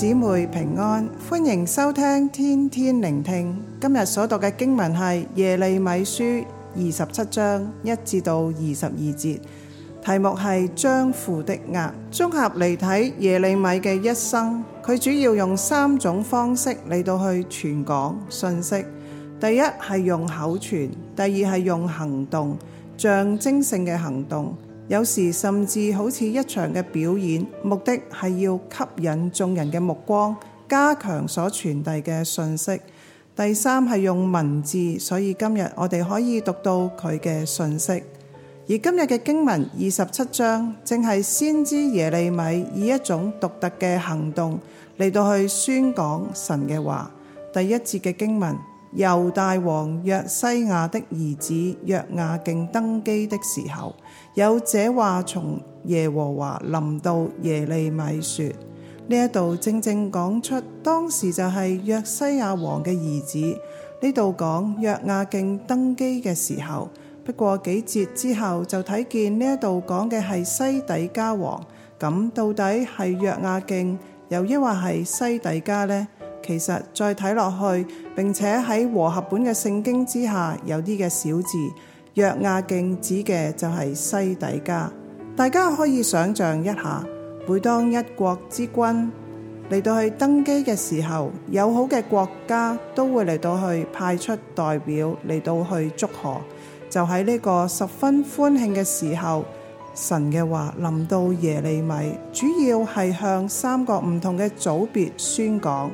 姊妹平安，歡迎收聽天天聆聽。今日所讀嘅經文係耶利米書二十七章一至到二十二節，題目係將負的軛，綜合嚟睇，耶利米嘅一生，佢主要用三種方式嚟到去傳講信息。第一係用口傳，第二係用行動，象徵性嘅行動。有時甚至好似一場嘅表演，目的係要吸引眾人嘅目光，加強所傳遞嘅信息。第三係用文字，所以今日我哋可以讀到佢嘅信息。而今日嘅經文二十七章，正係先知耶利米以一種獨特嘅行動嚟到去宣講神嘅話。第一節嘅經文，猶大王約西亞的兒子約雅敬登基的時候。有這話從耶和華臨到耶利米說：呢一度正正講出當時就係約西亞王嘅兒子。呢度講約雅敬登基嘅時候，不過幾節之後就睇見呢一度講嘅係西底家王。咁到底係約雅敬，又抑或係西底家呢？其實再睇落去，並且喺和合本嘅聖經之下，有啲嘅小字。約雅敬指嘅就係西底家，大家可以想象一下，每當一國之君嚟到去登基嘅時候，友好嘅國家都會嚟到去派出代表嚟到去祝賀，就喺呢個十分歡慶嘅時候，神嘅話臨到耶利米，主要係向三個唔同嘅組別宣講。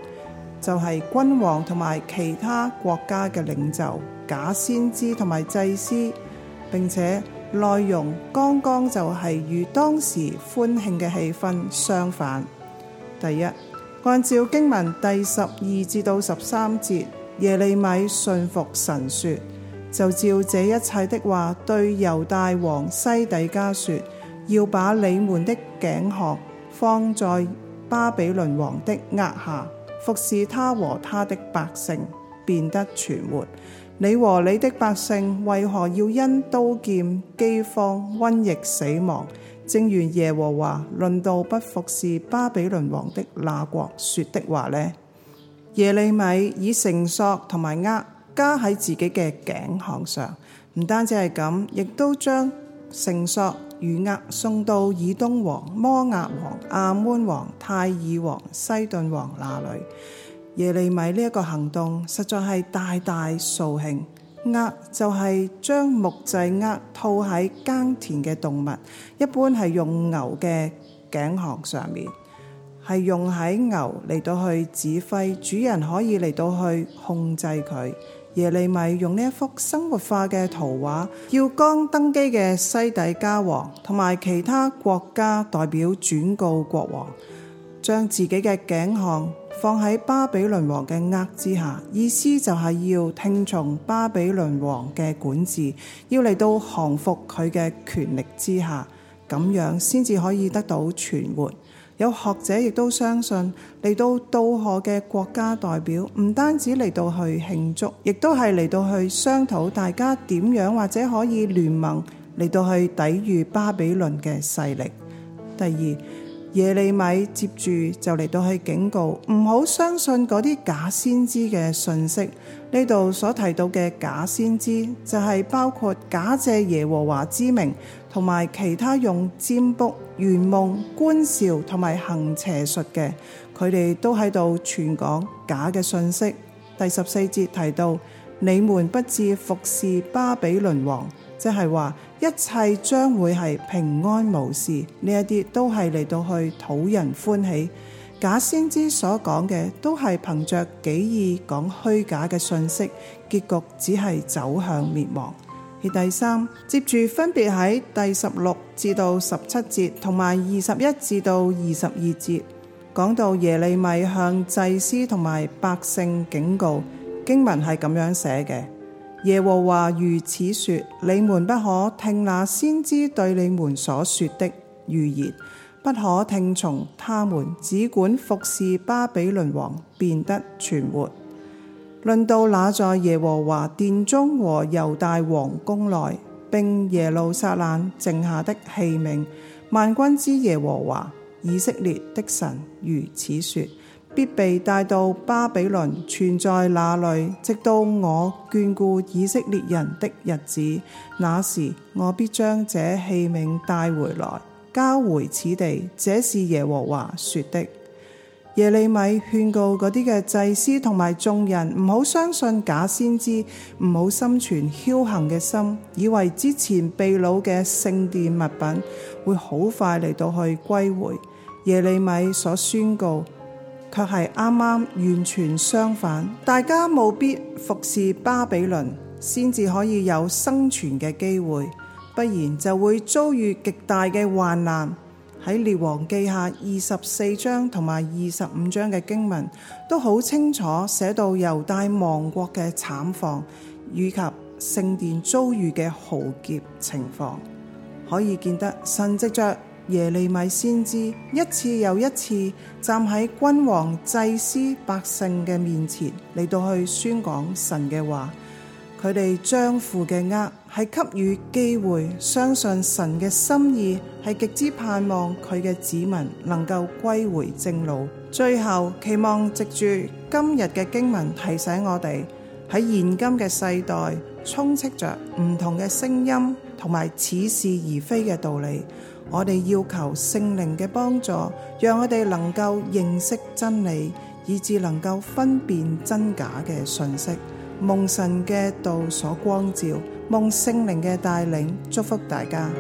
就係君王同埋其他國家嘅領袖、假先知同埋祭司，並且內容剛剛就係與當時歡慶嘅氣氛相反。第一，按照經文第十二至到十三節，耶利米信服神說，就照這一切的話對猶大王西底家說，要把你們的頸項放在巴比倫王的軛下。服事他和他的百姓便得存活，你和你的百姓為何要因刀劍、饑荒、瘟疫死亡？正如耶和華論到不服事巴比倫王的那國說的話呢？耶利米以繩索同埋軛加喺自己嘅頸項上，唔單止係咁，亦都將。繩索與軛送到以東王、摩押王、亞捫王、泰爾王、西頓王那裏。耶利米呢一個行動實在係大大掃興。軛就係將木製軛套喺耕田嘅動物，一般係用牛嘅頸項上面，係用喺牛嚟到去指揮，主人可以嚟到去控制佢。耶利米用呢一幅生活化嘅圖畫，要剛登基嘅西底家王同埋其他國家代表轉告國王，將自己嘅頸項放喺巴比倫王嘅軛之下，意思就係要聽從巴比倫王嘅管治，要嚟到降服佢嘅權力之下，咁樣先至可以得到存活。有學者亦都相信嚟到道賀嘅國家代表，唔單止嚟到去慶祝，亦都係嚟到去商討大家點樣或者可以聯盟嚟到去抵禦巴比倫嘅勢力。第二。耶利米接住就嚟到去警告，唔好相信嗰啲假先知嘅信息。呢度所提到嘅假先知就係包括假借耶和華之名，同埋其他用占卜、圓夢、觀兆同埋行邪術嘅，佢哋都喺度傳講假嘅信息。第十四節提到，你們不致服事巴比倫王。即係話一切將會係平安無事，呢一啲都係嚟到去討人歡喜。假先知所講嘅都係憑着己意講虛假嘅信息，結局只係走向滅亡。而第三，接住分別喺第十六至到十七節同埋二十一至到二十二節，講到耶利米向祭司同埋百姓警告，經文係咁樣寫嘅。耶和華如此說：你們不可聽那先知對你們所說的預言，不可聽從他們，只管服事巴比倫王，便得存活。論到那在耶和華殿中和猶大王宮內，並耶路撒冷剩下的器皿，萬軍之耶和華以色列的神如此說。必被帶到巴比倫，存在那裏，直到我眷顧以色列人的日子。那時，我必將這器皿帶回來，交回此地。這是耶和華說的。耶利米勸告嗰啲嘅祭司同埋眾人，唔好相信假先知，唔好心存僥倖嘅心，以為之前被擄嘅聖殿物品會好快嚟到去歸回。耶利米所宣告。卻係啱啱完全相反，大家務必服侍巴比倫，先至可以有生存嘅機會，不然就會遭遇極大嘅患難。喺《列王記》下二十四章同埋二十五章嘅經文，都好清楚寫到猶大亡國嘅慘況，以及聖殿遭遇嘅浩劫情況，可以見得神執着。耶利米先知一次又一次站喺君王、祭司、百姓嘅面前嚟到去宣講神嘅話，佢哋將負嘅軛係給予機會，相信神嘅心意係極之盼望佢嘅子民能夠歸回正路。最後期望藉住今日嘅經文提醒我哋喺現今嘅世代充斥着唔同嘅聲音同埋似是而非嘅道理。我哋要求聖靈嘅幫助，讓我哋能夠認識真理，以至能夠分辨真假嘅信息。蒙神嘅道所光照，蒙聖靈嘅帶領，祝福大家。